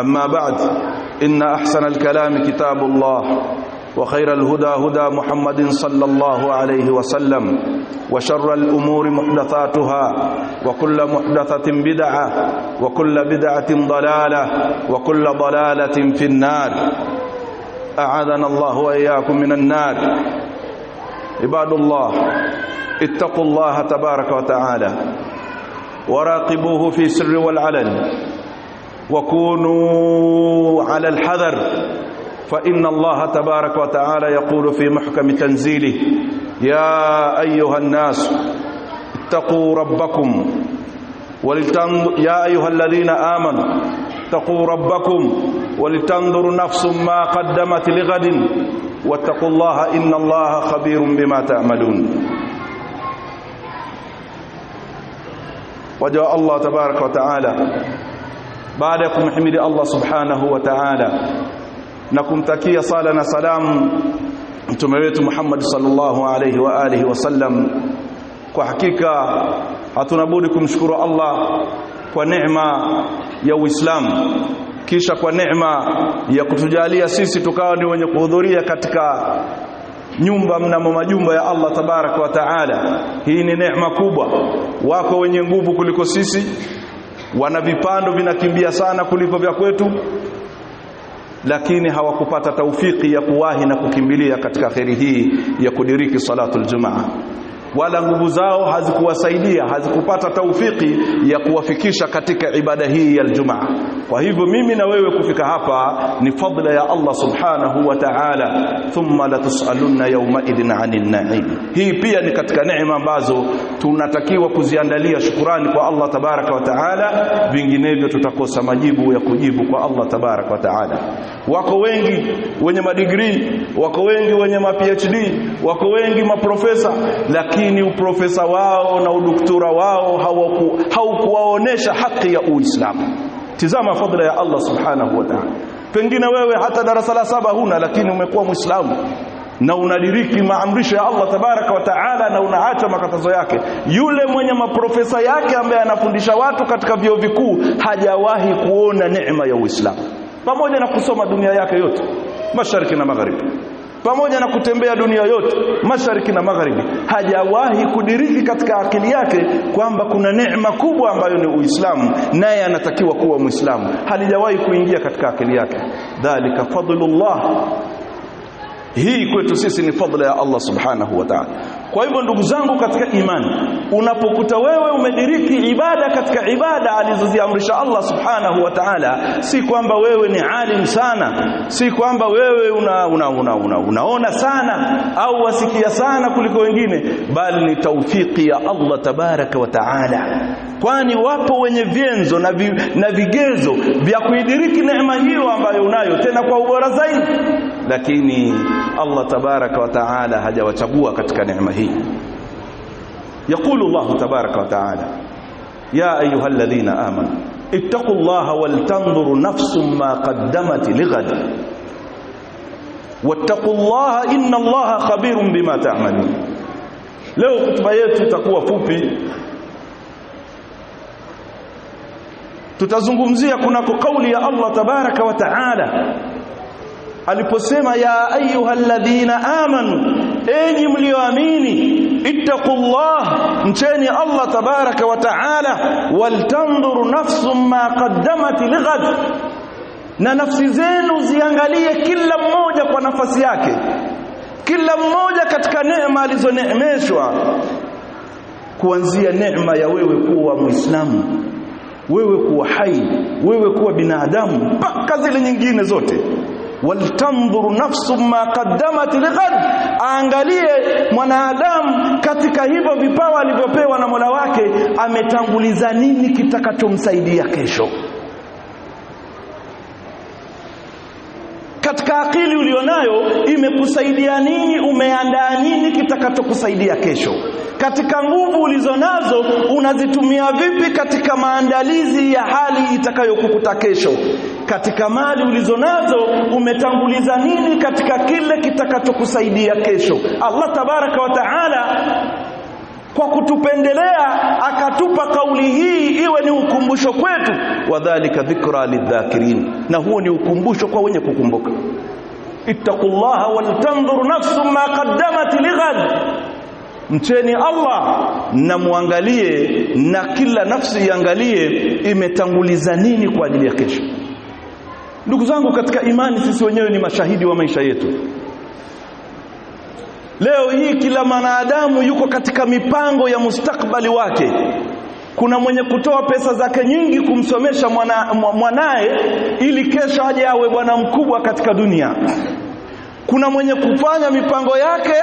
أما بعد إن أحسن الكلام كتاب الله وخير الهدى هدى محمد صلى الله عليه وسلم وشر الأمور محدثاتها وكل محدثة بدعة وكل بدعة ضلالة وكل ضلالة في النار أعاذنا الله وإياكم من النار عباد الله اتقوا الله تبارك وتعالى وراقبوه في سر والعلن وكونوا على الحذر فإن الله تبارك وتعالى يقول في محكم تنزيله يا أيها الناس اتقوا ربكم يا أيها الذين آمنوا اتقوا ربكم ولتنظر نفس ما قدمت لغد واتقوا الله إن الله خبير بما تعملون وجاء الله تبارك وتعالى baada ya kumhimidi Allah subhanahu wa ta'ala na kumtakia sala na salamu mtume wetu Muhammad sallallahu alayhi wa alihi wasallam kwa hakika hatuna budi kumshukuru Allah kwa neema ya Uislamu kisha kwa neema ya kutujalia sisi tukawa ni wenye kuhudhuria katika nyumba mnamo majumba ya Allah tabaraka wa taala. Hii ni neema kubwa, wako wenye nguvu kuliko sisi, wana vipando vinakimbia sana kuliko vya kwetu lakini hawakupata taufiki ya kuwahi na kukimbilia katika kheri hii ya kudiriki salatu aljumaa wala nguvu zao hazikuwasaidia hazikupata taufiki ya kuwafikisha katika ibada hii ya Ijumaa kwa hivyo mimi na wewe kufika hapa ni fadla ya Allah subhanahu wa ta'ala thumma latusalunna yawma idin 'anil na'im hii pia ni katika neema ambazo tunatakiwa kuziandalia shukurani kwa Allah tabaraka wa taala vinginevyo tutakosa majibu ya kujibu kwa Allah tabaraka wa taala wako wengi wenye madigrii wako wengi wenye ma PhD wako wengi maprofesa lakini lakini uprofesa wao na udoktora wao hawaku, haukuwaonesha haki ya Uislamu. Tizama fadhila ya Allah subhanahu wa ta'ala. Pengine wewe hata darasa la saba huna, lakini umekuwa Muislamu na unadiriki maamrisho ya Allah tabaraka wa taala na unaacha makatazo yake. Yule mwenye maprofesa yake ambaye anafundisha watu katika vyuo vikuu hajawahi kuona neema ya Uislamu, pamoja na kusoma dunia yake yote mashariki na magharibi pamoja na kutembea dunia yote mashariki na magharibi hajawahi kudiriki katika akili yake kwamba kuna neema kubwa ambayo ni Uislamu naye anatakiwa kuwa Muislamu halijawahi kuingia katika akili yake dhalika fadlullah hii kwetu sisi ni fadhila ya Allah subhanahu wa ta'ala. Kwa hivyo ndugu zangu katika imani, unapokuta wewe umediriki ibada katika ibada alizoziamrisha Allah subhanahu wa ta'ala, si kwamba wewe ni alim sana, si kwamba wewe una, una, una, una, unaona sana au wasikia sana kuliko wengine, bali ni taufiki ya Allah tabaraka wa ta'ala, kwani wapo wenye vyenzo na, vi, na vigezo vya kuidiriki neema hiyo ambayo unayo, tena kwa ubora zaidi. lakini Allah tabaraka wa taala hajawachagua katika neema hii yaqulu Allah tabaraka wa taala ya ayyuhalladhina amanu ittaqullaha waltanzuru nafsum ma qaddamat lighad wattaqullaha inna Allaha khabirun bima ta'malun leo kutuba yetu itakuwa fupi tutazungumzia kunako kauli ya Allah tabaraka wa taala aliposema ya ayyuhalladhina amanu enyi mlioamini ittaqullah mcheni Allah tabaraka wa taala waltanzur nafsum ma qaddamat lighad na nafsi zenu ziangalie kila mmoja kwa nafasi yake kila mmoja katika neema alizoneemeshwa kuanzia neema ya wewe kuwa muislamu wewe kuwa hai wewe kuwa binadamu mpaka zile nyingine zote waltandhuru nafsu ma qaddamat lighad, aangalie mwanadamu katika hivyo vipawa alivyopewa na Mola wake ametanguliza nini kitakachomsaidia kesho. katika akili ulionayo imekusaidia nini? Umeandaa nini kitakachokusaidia kesho? Katika nguvu ulizonazo unazitumia vipi katika maandalizi ya hali itakayokukuta kesho? Katika mali ulizonazo umetanguliza nini katika kile kitakachokusaidia kesho? Allah tabaraka wa taala kwa kutupendelea akatupa kauli hii iwe ni ukumbusho kwetu, wadhalika dhikra lidhakirin, na huo ni ukumbusho kwa wenye kukumbuka. Ittaqullaha waltandhur nafsun ma qaddamat lighad, mcheni Allah na muangalie, na kila nafsi iangalie imetanguliza nini kwa ajili ya kesho. Ndugu zangu katika imani, sisi wenyewe ni mashahidi wa maisha yetu. Leo hii kila mwanadamu yuko katika mipango ya mustakbali wake. Kuna mwenye kutoa pesa zake nyingi kumsomesha mwana, mwanaye ili kesho aje awe bwana mkubwa katika dunia. Kuna mwenye kufanya mipango yake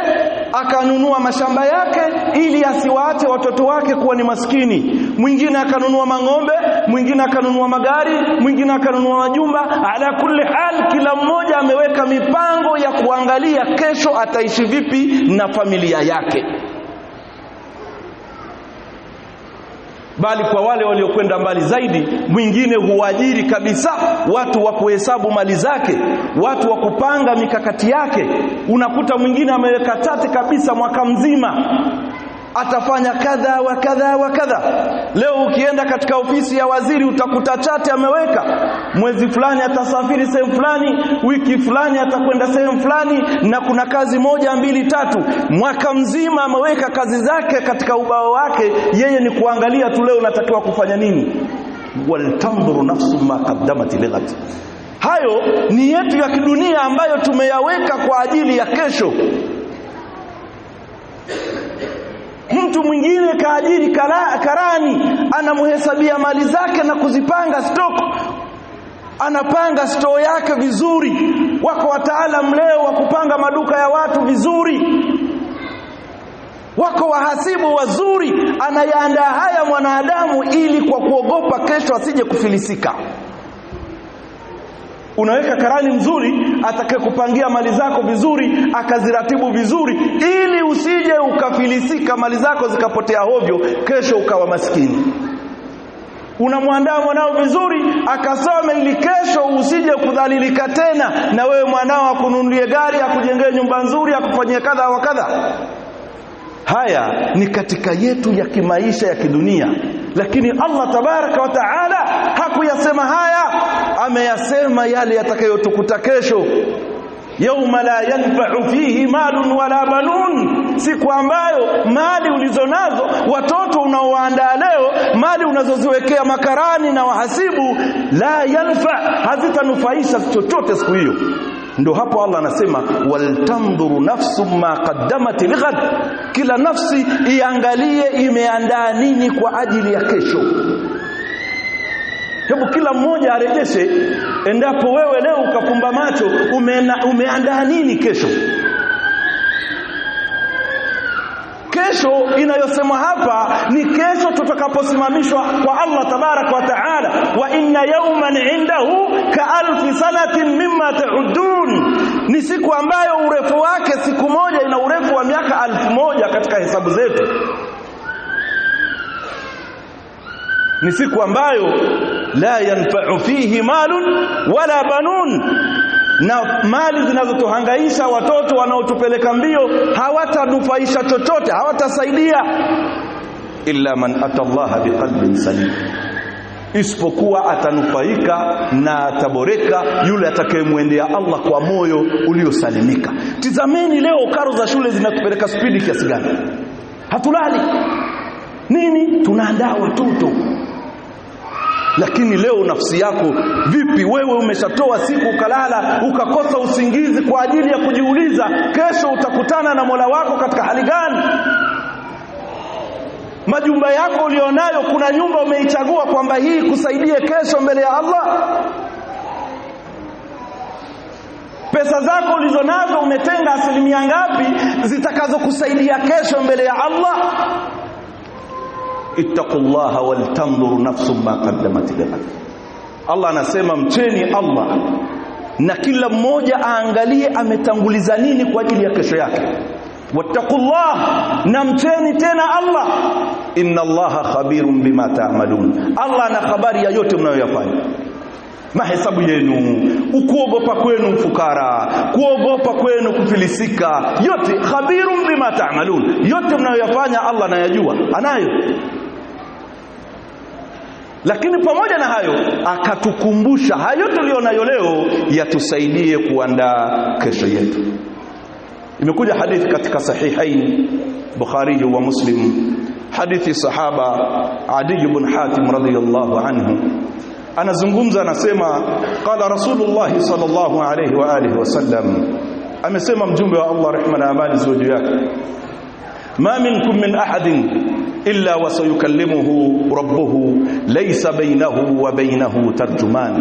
akanunua mashamba yake ili asiwaache watoto wake kuwa ni maskini. Mwingine akanunua mang'ombe, mwingine akanunua magari, mwingine akanunua majumba. Ala kulli hal, kila mmoja ameweka mipango ya kuangalia kesho ataishi vipi na familia yake. bali kwa wale waliokwenda mbali zaidi, mwingine huajiri kabisa watu wa kuhesabu mali zake, watu wa kupanga mikakati yake. Unakuta mwingine ameweka tate kabisa mwaka mzima atafanya kadha wa kadha wa kadha. Leo ukienda katika ofisi ya waziri utakuta chati ameweka, mwezi fulani atasafiri sehemu fulani, wiki fulani atakwenda sehemu fulani, na kuna kazi moja mbili tatu. Mwaka mzima ameweka kazi zake katika ubao wake, yeye ni kuangalia tu leo unatakiwa kufanya nini. Waltandhuru nafsu ma qaddamat lighat hayo ni yetu ya kidunia ambayo tumeyaweka kwa ajili ya kesho mtu mwingine kaajiri karani anamhesabia mali zake na kuzipanga stock anapanga store yake vizuri wako wataalam leo wa kupanga maduka ya watu vizuri wako wahasibu wazuri anayaandaa haya mwanadamu ili kwa kuogopa kesho asije kufilisika unaweka karani mzuri atakayekupangia mali zako vizuri akaziratibu vizuri ili usije ukafilisika mali zako zikapotea hovyo kesho ukawa maskini unamwandaa mwanao vizuri akasome ili kesho usije kudhalilika tena na wewe mwanao akununulie gari akujengee nyumba nzuri akufanyie kadha wa kadha haya ni katika yetu ya kimaisha ya kidunia lakini Allah tabaraka wa taala hakuyasema haya ameyasema yale yatakayotukuta kesho yauma la yanfa'u fihi malun wala banun, siku ambayo mali ulizonazo watoto unaoandaa leo, mali unazoziwekea makarani na wahasibu, la yanfa, hazitanufaisha chochote siku hiyo. Ndo hapo Allah anasema waltandhuru nafsu ma qaddamat lighad, kila nafsi iangalie imeandaa nini kwa ajili ya kesho hebu kila mmoja arejeshe endapo wewe leo ukapumba macho umeandaa nini kesho kesho inayosemwa hapa ni kesho tutakaposimamishwa kwa Allah tabarak wa taala wa inna yawman indahu ka alfi sanatin mimma ta'udun ni siku ambayo urefu wake siku moja ina urefu wa miaka alfu moja katika hesabu zetu ni siku ambayo la yanfa'u fihi malun wala banun na mali zinazotuhangaisha watoto wanaotupeleka mbio hawatanufaisha chochote hawatasaidia illa man atallaha biqalbin salim isipokuwa atanufaika na ataboreka yule atakayemwendea Allah kwa moyo uliosalimika. Tizameni leo karo za shule zinatupeleka spidi kiasi gani? Hatulali nini, tunaandaa watoto lakini leo nafsi yako vipi? Wewe umeshatoa siku ukalala ukakosa usingizi kwa ajili ya kujiuliza kesho utakutana na Mola wako katika hali gani? Majumba yako ulionayo, kuna nyumba umeichagua kwamba hii kusaidie kesho mbele ya Allah? Pesa zako ulizonazo umetenga asilimia ngapi zitakazokusaidia kesho mbele ya Allah? ittaqullaha waltanzur nafsum ma qaddamat lighad. Allah anasema mcheni Allah na kila mmoja aangalie ametanguliza nini kwa ajili ya kesho yake. Wattaqullah, na mcheni tena Allah. Inna Allaha khabirun bima ta'malun, Allah ana habari ya yote mnayoyafanya mahesabu yenu, ukuogopa kwenu mfukara, kuogopa kwenu kufilisika, yote khabirun bima ta'malun, yote mnayoyafanya Allah anayajua, anayo. Lakini pamoja na hayo akatukumbusha hayo tulionayo leo yatusaidie kuandaa kesho yetu. Imekuja hadithi katika sahihain Bukhari wa Muslim, hadithi sahaba Adi ibn Hatim radhiyallahu anhu anazungumza, anasema qala Rasulullah sallallahu alayhi wa alihi wasallam, amesema mjumbe wa Allah, rehma na amani ziwe juu yake ما منكم من أحد إلا وسيكلمه ربه ليس بينه وبينه ترجمان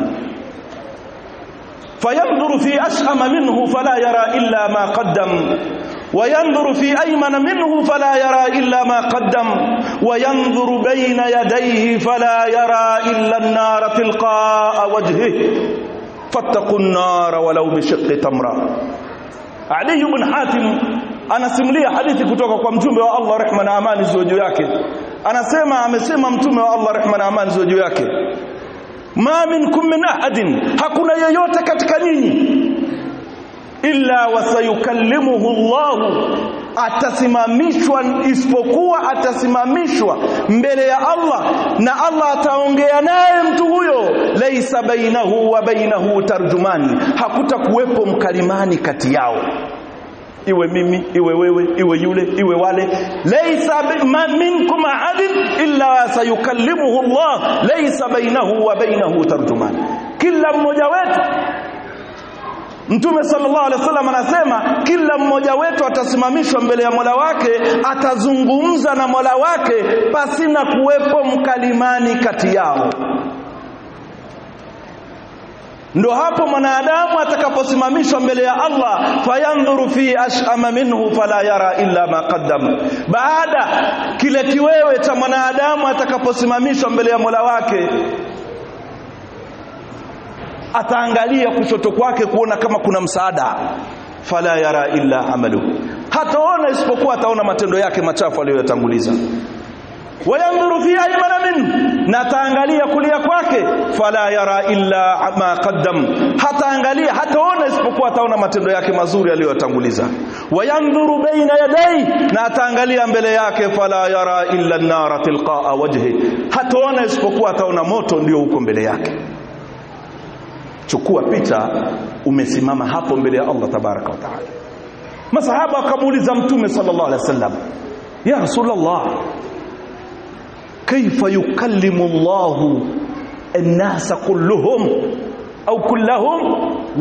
فينظر في أشأم منه فلا يرى إلا ما قدم وينظر في أيمن منه فلا يرى إلا ما قدم وينظر بين يديه فلا يرى إلا النار تلقاء وجهه فاتقوا النار ولو بشق تمرة علي بن حاتم anasimulia hadithi kutoka kwa mtume wa Allah rehma na amani ziwe juu yake anasema amesema mtume wa Allah rehma na amani ziwe juu yake ma minkum min ahadin hakuna yeyote katika nyinyi illa wasayukallimuhu Allah atasimamishwa isipokuwa atasimamishwa mbele ya Allah na Allah ataongea naye mtu huyo laisa bainahu wa bainahu tarjumani hakutakuwepo mkalimani kati yao iwe mimi iwe wewe iwe yule iwe wale laysa minkum ahadin illa sayukallimuhu Allah laysa bainahu wa bainahu tarjuman kila mmoja wetu Mtume sallallahu alaihi wasallam anasema kila mmoja wetu atasimamishwa mbele ya Mola wake, atazungumza na Mola wake pasina kuwepo mkalimani kati yao ndo hapo mwanadamu atakaposimamishwa mbele ya Allah fayandhuru fi ashama minhu fala yara illa ma qaddam baada kile kiwewe cha mwanadamu atakaposimamishwa mbele ya Mola wake ataangalia kushoto kwake kuona kama kuna msaada fala yara illa amalu hataona isipokuwa ataona matendo yake machafu aliyoyatanguliza wayandhuru fi aymana minhu na taangalia kulia kwake fala yara illa ma qaddam hataangalia hataona isipokuwa ataona matendo yake mazuri aliyotanguliza wayandhuru baina yadai na ataangalia mbele yake fala yara illa an-nara tilqaa wajhi hataona isipokuwa ataona moto ndio huko mbele yake chukua picha umesimama hapo mbele ya Allah tabaraka wa taala masahaba akamuuliza mtume sallallahu alaihi wasallam ya rasulullah kaifa yukallimu Allahu an-nasa kulluhum au kullahum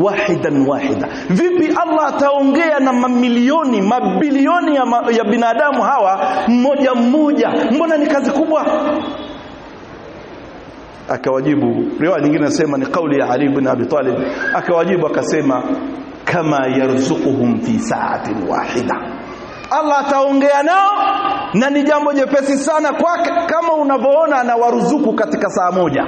wahidan wahida vipi allah ataongea na mamilioni mabilioni ya, ma, ya binadamu hawa mmoja mmoja mbona ni kazi kubwa akawajibu riwaya nyingine nasema ni kauli ya ali ibn abi talib akawajibu akasema kama yarzuquhum fi sa'atin wahida Allah ataongea nao na ni jambo jepesi sana kwake, kama unavyoona anawaruzuku katika saa moja.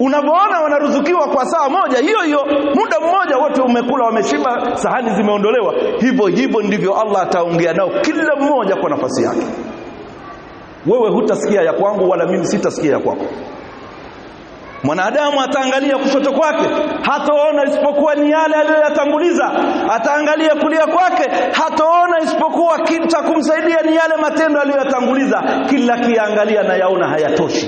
Unavyoona wanaruzukiwa kwa saa moja hiyo hiyo, muda mmoja wote umekula, wameshiba, sahani zimeondolewa. Hivyo hivyo ndivyo Allah ataongea nao, kila mmoja kwa nafasi yake. Wewe hutasikia ya kwangu, wala mimi sitasikia ya kwako. Mwanadamu ataangalia kushoto kwake hataona isipokuwa ni yale aliyoyatanguliza, ataangalia kulia kwake hataona isipokuwa cha kumsaidia ni yale matendo aliyoyatanguliza. Kila kiangalia na yaona hayatoshi,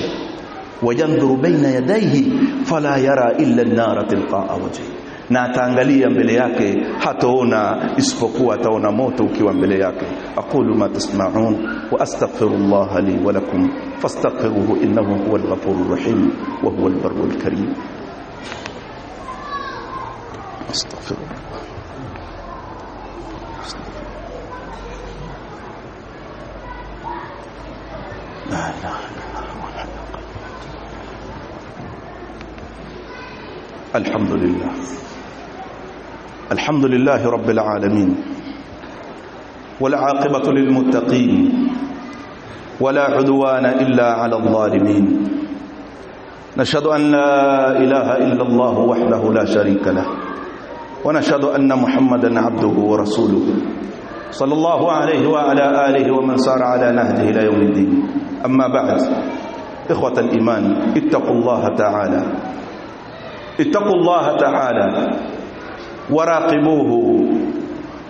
wayandhuru baina yadaihi fala yara illa an-nara tilqaa wajhi na ataangalia mbele yake hataona isipokuwa ataona moto ukiwa mbele yake aqulu ma tasma'un wa astaghfirullaha li wa lakum fastaghfiruhu innahu huwal ghafurur rahim wa huwal barrul karim الحمد لله الحمد لله رب العالمين والعاقبة للمتقين ولا عدوان إلا على الظالمين نشهد أن لا إله إلا الله وحده لا شريك له ونشهد أن محمدا عبده ورسوله صلى الله عليه وعلى آله ومن سار على نهجه إلى يوم الدين أما بعد إخوة الإيمان اتقوا الله تعالى اتقوا الله تعالى waraqibuhu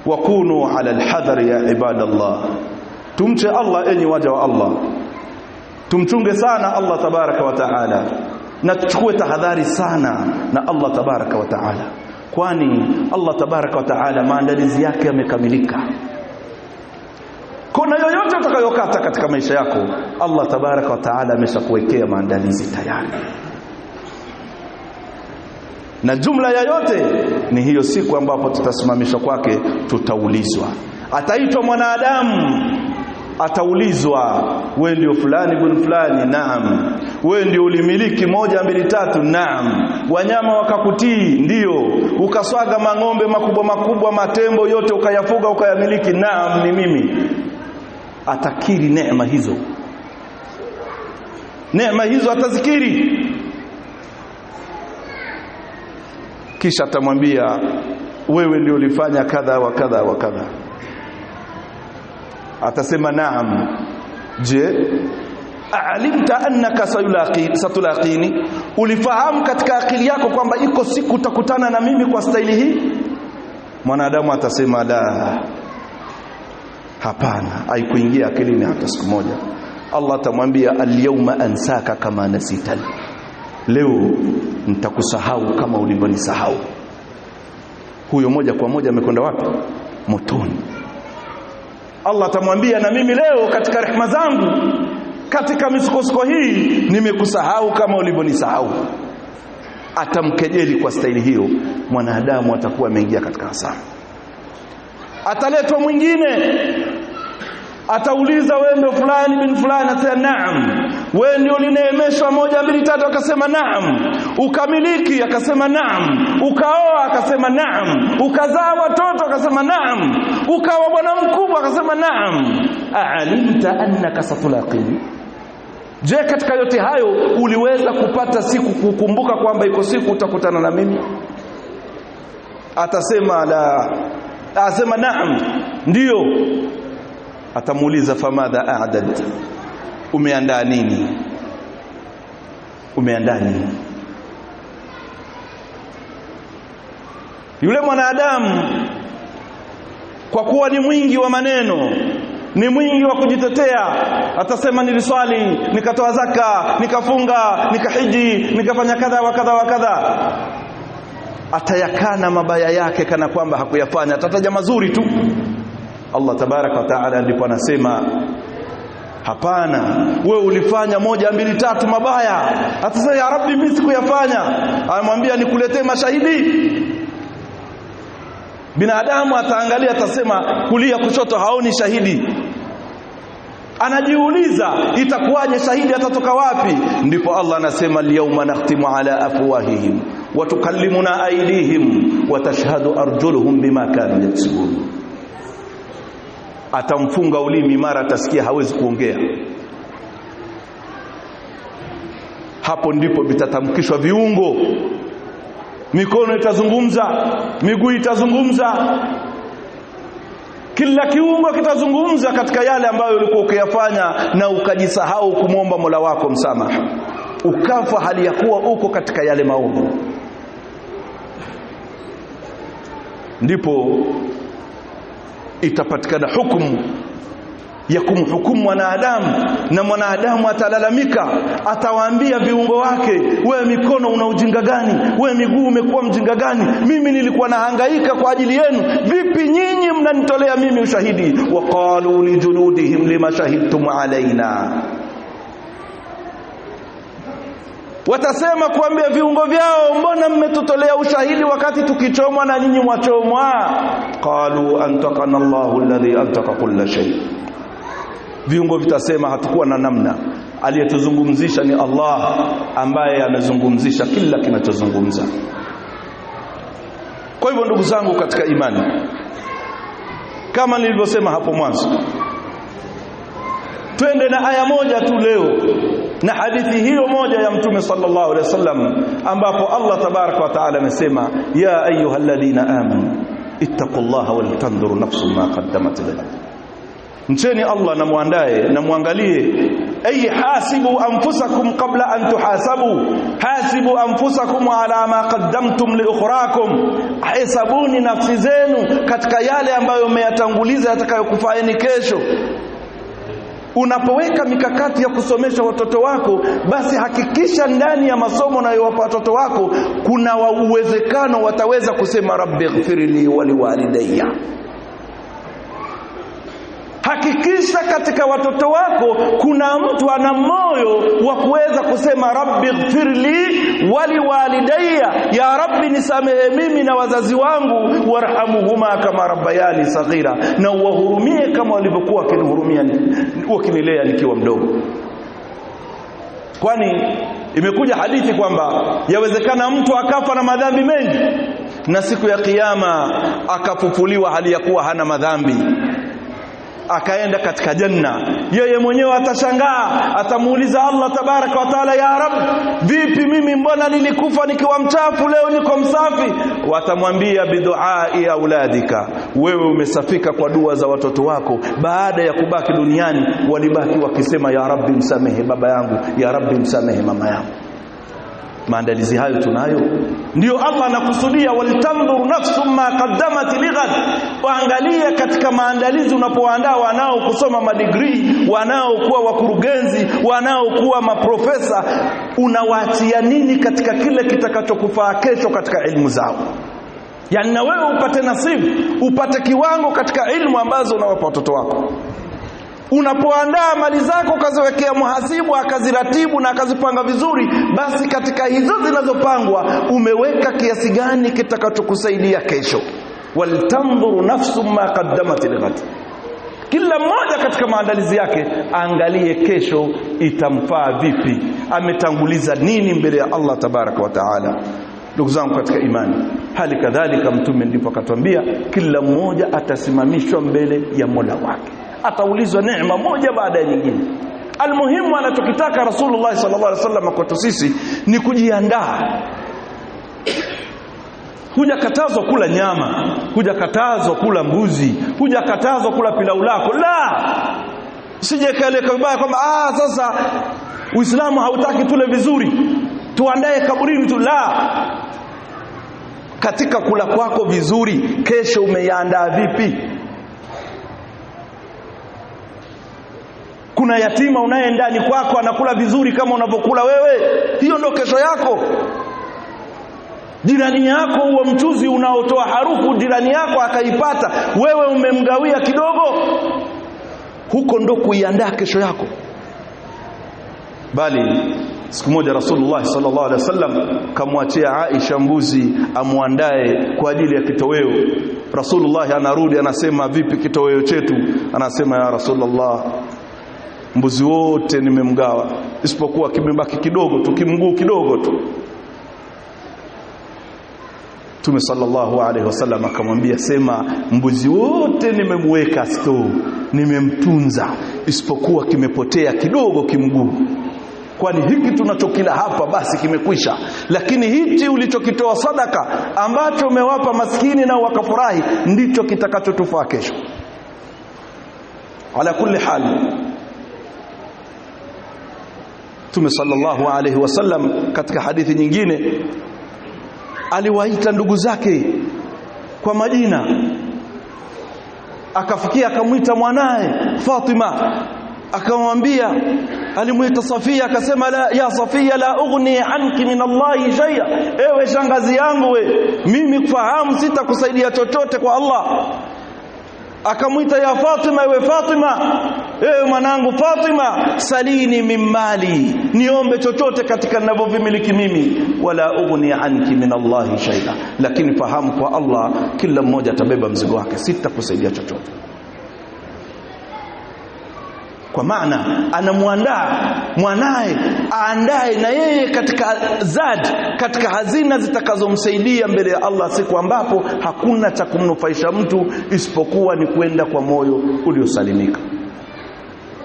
wakunu ala alhadhar ya ibadallah tumche Allah enyi waja wa Allah tumchunge sana Allah tabaraka wa taala na tuchukue tahadhari sana na Allah tabaraka wa taala kwani Allah tabaraka wa taala maandalizi yake yamekamilika kuna yoyote utakayokata katika maisha yako Allah tabaraka wa taala ameshakuwekea maandalizi tayari na jumla ya yote ni hiyo siku ambapo tutasimamishwa kwake, tutaulizwa. Ataitwa mwanadamu, ataulizwa, we ndio fulani bin fulani? Naam. We ndio ulimiliki moja mbili tatu? Naam. Wanyama wakakutii? ndio Ukaswaga mang'ombe makubwa makubwa, matembo yote ukayafuga, ukayamiliki? Naam, ni mimi. Atakiri neema hizo, neema hizo atazikiri kisha atamwambia wewe ndio ulifanya kadha wa kadha wa kadha atasema naam je alimta annaka satulaqini ulifahamu katika akili yako kwamba iko siku utakutana na mimi kwa staili hii mwanadamu atasema la hapana haikuingia akilini hata siku moja Allah atamwambia alyawma ansaka kama nasitani leo nitakusahau kama ulivyonisahau huyo moja kwa moja amekwenda wapi motoni Allah atamwambia na mimi leo katika rehema zangu katika misukosuko hii nimekusahau kama ulivyonisahau atamkejeli kwa staili hiyo mwanadamu atakuwa ameingia katika hasara ataletwa mwingine atauliza wembe fulani bin fulani atasema naam wewe ndio lineemeshwa moja mbili tatu akasema naam ukamiliki akasema naam ukaoa akasema naam ukazaa watoto akasema naam ukawa bwana mkubwa akasema naam aalimta annaka satulaqini je katika yote hayo uliweza kupata siku kukumbuka kwamba iko siku utakutana na mimi atasema la asema naam ndio atamuuliza famadha a'dad umeandaa nini? Umeandaa nini? Yule mwanadamu kwa kuwa ni mwingi wa maneno, ni mwingi wa kujitetea, atasema niliswali, nikatoa zaka, nikafunga, nikahiji, nikafanya kadha wa kadha wa kadha. Atayakana mabaya yake kana kwamba hakuyafanya, atataja mazuri tu. Allah tabaraka wa taala ndipo anasema Hapana, we ulifanya moja mbili tatu mabaya. Atasema ya Rabbi, mimi sikuyafanya. Anamwambia nikuletee mashahidi. Binadamu ataangalia atasema, kulia kushoto haoni shahidi. Anajiuliza itakuwaje, shahidi atatoka wapi? Ndipo Allah anasema, lyauma nakhtimu ala afwahihim wa tukallimuna aydihim wa tashhadu arjuluhum bima kanu yaksubun atamfunga ulimi mara atasikia hawezi kuongea hapo ndipo vitatamkishwa viungo mikono itazungumza miguu itazungumza kila kiungo kitazungumza katika yale ambayo ulikuwa ukiyafanya na ukajisahau kumwomba Mola wako msamaha ukafa hali ya kuwa uko katika yale maovu ndipo itapatikana hukumu ya kumhukumu mwanadamu na mwanadamu atalalamika atawaambia viungo wake wewe mikono una ujinga gani wewe miguu umekuwa mjinga gani mimi nilikuwa nahangaika kwa ajili yenu vipi nyinyi mnanitolea mimi ushahidi waqalu lijuludihim lima shahidtum alaina watasema kuambia viungo vyao, mbona mmetutolea ushahidi wakati tukichomwa na nyinyi mwachomwa? qalu antakana llahu alladhi antaka kulla shay, viungo vitasema hatukuwa na namna, aliyetuzungumzisha ni Allah ambaye amezungumzisha kila kinachozungumza. Kwa hivyo ndugu zangu katika imani, kama nilivyosema hapo mwanzo, twende na aya moja tu leo na hadithi hiyo moja ya mtume sallallahu alaihi wasallam ambapo Allah tabaraka wa taala amesema ya ayyuhalladhina amanu ittaqullaha wal tanzuru nafsun ma qaddamat ligad mcheni Allah na muandae na muangalie ay hasibu anfusakum qabla an tuhasabu hasibu anfusakum ala ma qaddamtum li ukhrakum hesabuni nafsi zenu katika yale ambayo mmeyatanguliza yatakayokufaeni yaani kesho Unapoweka mikakati ya kusomesha watoto wako, basi hakikisha ndani ya masomo unayowapa watoto wako kuna uwezekano wataweza kusema rabbighfirli ighfirli waliwalidayya hakikisha katika watoto wako kuna mtu ana moyo wa kuweza kusema rabbi ighfirli walidayya ya rabbi nisamehe mimi na wazazi wangu warhamuhuma kama rabbayani saghira na uwahurumie kama walivyokuwa wakinihurumia wakinilea nikiwa mdogo kwani imekuja hadithi kwamba yawezekana mtu akafa na madhambi mengi na siku ya kiyama akafufuliwa hali ya kuwa hana madhambi akaenda katika janna yeye mwenyewe atashangaa atamuuliza Allah tabaraka wa taala ya rab vipi mimi mbona nilikufa nikiwa mchafu leo niko msafi watamwambia biduai auladika wewe umesafika kwa dua za watoto wako baada ya kubaki duniani walibaki wakisema ya rabbi msamehe baba yangu ya rabbi msamehe mama yangu maandalizi hayo tunayo ndio Allah anakusudia walitandhur nafsu ma qaddamat lighad waangalia katika maandalizi unapoandaa wanao kusoma madigrii kuwa wakurugenzi wanao kuwa maprofesa unawatia nini katika kile kitakachokufaa kesho katika elimu zao yani na wewe upate nasibu upate kiwango katika ilmu ambazo unawapa watoto wako Unapoandaa mali zako ukaziwekea mhasibu akaziratibu na akazipanga vizuri, basi katika hizo zinazopangwa umeweka kiasi gani kitakachokusaidia kesho. Waltandhuru nafsu ma qaddamat lighad, kila mmoja katika maandalizi yake aangalie kesho itamfaa vipi, ametanguliza nini mbele ya Allah tabaraka wa taala. Ndugu zangu katika imani, hali kadhalika Mtume ndipo akatwambia kila mmoja atasimamishwa mbele ya Mola wake ataulizwa neema moja baada ya nyingine almuhimu anachokitaka rasulullah sallallahu alaihi wasallam kwetu sisi ni kujiandaa hujakatazwa kula nyama hujakatazwa kula mbuzi hujakatazwa kula pilau lako la sijekaleka vibaya kwamba ah sasa uislamu hautaki tule vizuri tuandae kaburini tu la katika kula kwako vizuri kesho umeandaa vipi Kuna yatima unaye ndani kwako anakula vizuri kama unavyokula wewe, hiyo ndo kesho yako. Jirani yako huo mchuzi unaotoa harufu, jirani yako akaipata, wewe umemgawia kidogo, huko ndo kuiandaa kesho yako. Bali siku moja Rasulullah sallallahu alaihi wasallam kamwachia Aisha mbuzi amwandae kwa ajili ya kitoweo. Rasulullah anarudi anasema, vipi kitoweo chetu? Anasema, ya Rasulullah mbuzi wote nimemgawa, isipokuwa kimebaki kidogo tu, kimguu kidogo tu. Mtume sallallahu alaihi wasallam akamwambia, sema mbuzi wote nimemweka sto nimemtunza, isipokuwa kimepotea kidogo kimguu kwani hiki tunachokila hapa basi kimekwisha, lakini hichi ulichokitoa sadaka ambacho umewapa maskini nao wakafurahi ndicho kitakachotufaa kesho. Ala kulli hali, Mtume sallallahu alayhi wasallam katika hadithi nyingine aliwaita ndugu zake kwa majina, akafikia akamwita mwanaye Fatima, akamwambia alimwita Safia, akasema la, ya Safia la ughni anki min Allahi shay'a, ewe shangazi yangu we, mimi kufahamu sitakusaidia chochote kwa Allah. Akamwita ya Fatima, ewe Fatima ewe mwanangu Fatima salini mimali niombe chochote katika ninavyovimiliki mimi wala ughni anki min Allahi shay'a lakini fahamu kwa Allah kila mmoja atabeba mzigo wake sitakusaidia chochote kwa maana anamwandaa mwanaye aandae na yeye katika zad katika hazina zitakazomsaidia mbele ya Allah siku ambapo hakuna cha kumnufaisha mtu isipokuwa ni kwenda kwa moyo uliosalimika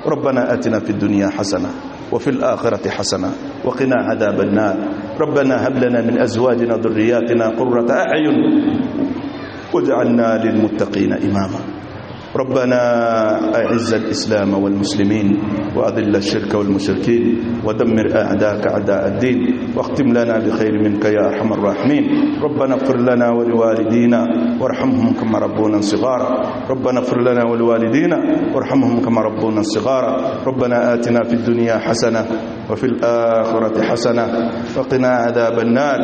ربنا آتنا في الدنيا حسنة وفي الآخرة حسنة وقنا عذاب النار ربنا هب لنا من أزواجنا ذرياتنا قرة أعين واجعلنا للمتقين إماماً ربنا أعز الإسلام والمسلمين وأذل الشرك والمشركين ودمر أعداءك أعداء الدين واختم لنا بخير منك يا أرحم الراحمين ربنا اغفر لنا ولوالدينا وارحمهم كما ربونا صغارا ربنا اغفر لنا ولوالدينا وارحمهم كما ربونا صغارا ربنا آتنا في الدنيا حسنة وفي الآخرة حسنة وقنا عذاب النار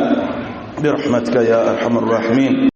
برحمتك يا أرحم الراحمين